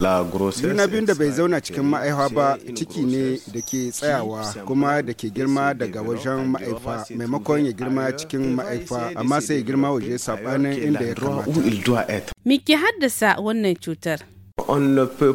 na biyun da bai zauna cikin ma'aifa ba ciki ne da ke tsayawa kuma da ke girma daga wajen ma'aifa maimakon ya girma cikin ma'aifa amma sai ya girma waje sabanin inda ya kamata. Me haddasa wannan cutar?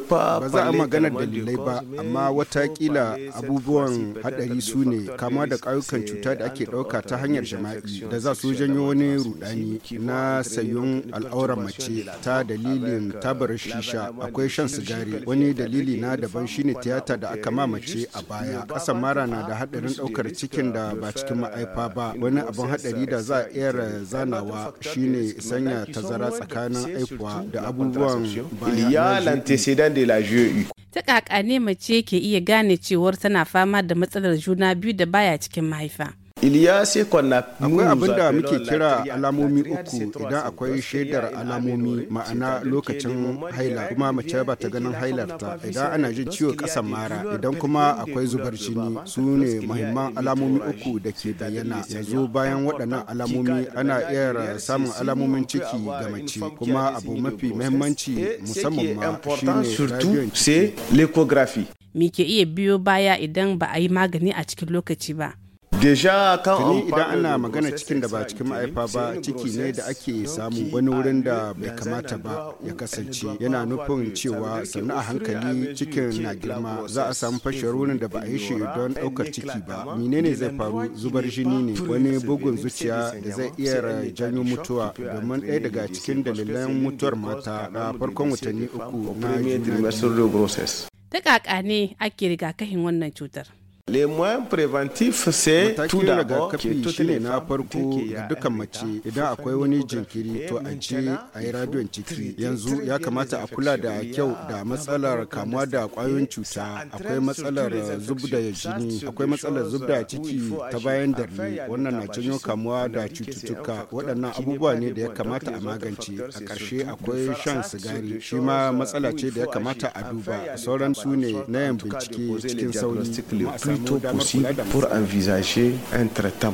ba za a maganar dalilai ba amma watakila abubuwan hadari su ne kama da ƙauyukan cuta da ake ɗauka ta hanyar jama'i da za su janyo wani rudani na sayon al'auran mace ta dalilin tabar euh, shisha akwai shan sigari wani dalili na daban shine tiyata da aka ma mace a baya ƙasan mara na da hadarin ɗaukar cikin da ba cikin ma'aifa ba euh, wani abin hadari da za a iya zanawa shine sanya tazara tsakanin aifuwa da abubuwan bayan l'antécédent de la GEU. Ta kakane mace ke iya gane cewar tana fama da matsalar juna biyu da baya cikin mahaifa. akwai abin da muke kira alamomi uku idan akwai shaidar alamomi ma'ana lokacin haila kuma mace ba ta ganin hailarta idan ana jin ciwo kasan mara idan kuma akwai zubar jini su ne mahimman alamomi uku da ke bayyana yanzu bayan waɗannan alamomi ana iya samun alamomin ciki ga mace kuma abu mafi mahimmanci musamman ma shine radiyon ke iya biyo baya idan ba a yi magani a cikin lokaci ba tuni idan ana magana cikin da ba cikin ma'aifa ba ciki ne da ake samu wani wurin da bai kamata ba ya kasance yana nufin cewa sannu a hankali cikin na girma za a samu fashewar wurin da ba a yi shi don ɗaukar ciki ba menene zai faru zubar jini ne wani bugun zuciya da zai iya janyo mutuwa domin ɗaya daga cikin dalilan mutuwar mata na farkon watanni uku na juna ta ne ake rigakafin wannan cutar Le moyen préventif c'est tout d'abord shine na farko ga dukan mace idan akwai wani jinkiri to a je a yi radion ciki yanzu ya kamata a kula da kyau da matsalar kamuwa da kwayoyin cuta akwai matsalar zubda da jini akwai matsalar zubda ciki ta bayan darni wannan na janyo kamuwa da cututtuka waɗannan abubuwa ne da ya kamata a magance a ƙarshe akwai shan sigari shi ma matsala ce da ya kamata a duba sauran su ne na yin bincike cikin sauri plus possible pour envisager un traitement.